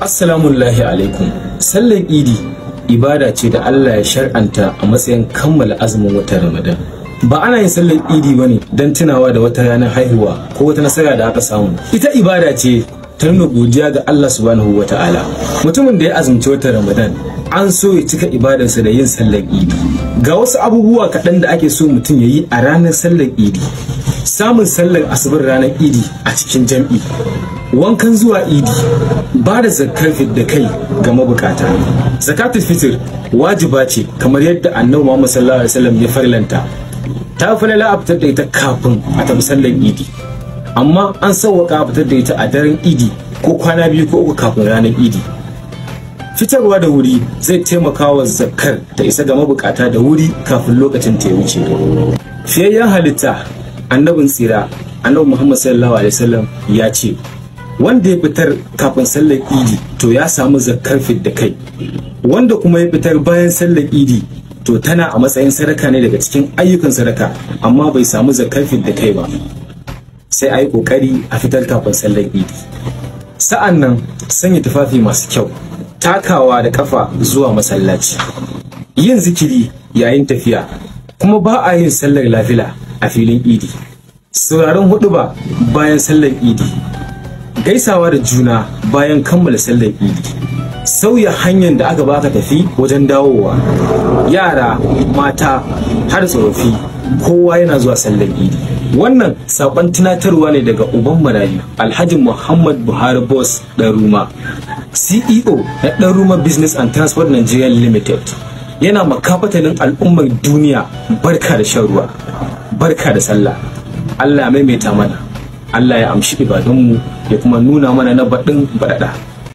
assalamu alaikum sallar idi ibada ce da Allah ya shar'anta a matsayin kammala azumin watan ramadan ba ana yin sallar idi ne don tunawa da wata ranar haihuwa ko wata nasara da aka samu ita ibada ce ta nuna godiya ga Allah subhanahu ta'ala mutumin da ya azumci watan ramadan an so ya cika ibadarsa da yin sallar idi ga wasu abubuwa kaɗan da ake so mutum ya yi a ranar sallar idi samun sallar asibin ranar idi a cikin jam'i wankan zuwa idi ba da zakar da kai ga mabukata zakatul fitr wajiba ce kamar yadda annabi Muhammad sallallahu alaihi wasallam ya farlanta ta fi lalla fitar da ita kafin a tafi sallar idi amma an sauwaka a fitar da ita a daren idi ko kwana biyu ko uku kafin ranar idi fitarwa da wuri zai taimaka wa zakar ta isa ga mabukata da wuri kafin lokacin ta ya wuce fiyayyen halitta annabin tsira annabi muhammad sallallahu alaihi wasallam ya ce wanda ya fitar kafin sallar idi to ya samu zakkar da kai wanda kuma ya fitar bayan sallar idi to tana a matsayin sadaka ne daga cikin ayyukan sadaka amma bai samu zakkar da kai ba sai a yi kokari a fitar kafin sallar idi sa'an nan sanya tufafi masu kyau takawa da kafa zuwa masallaci yin zikiri yayin tafiya kuma ba a yin sallar lafila a filin idi sauraron hudu ba bayan sallar idi gaisawa da juna bayan kammala sallar idi sauya hanyar da aka baka tafi wajen dawowa yara mata har tsofaffi kowa yana zuwa sallar idi wannan sakon tunatarwa ne daga uban marayu alhaji muhammad buhari boss ɗaruma ceo na ɗaruma business and transport nigeria limited yana makafatalin al'ummar duniya barka da shan ruwa barka da sallah allah maimaita mana Allah ya amshi ibadunmu ya kuma nuna mana na baɗin baɗaɗa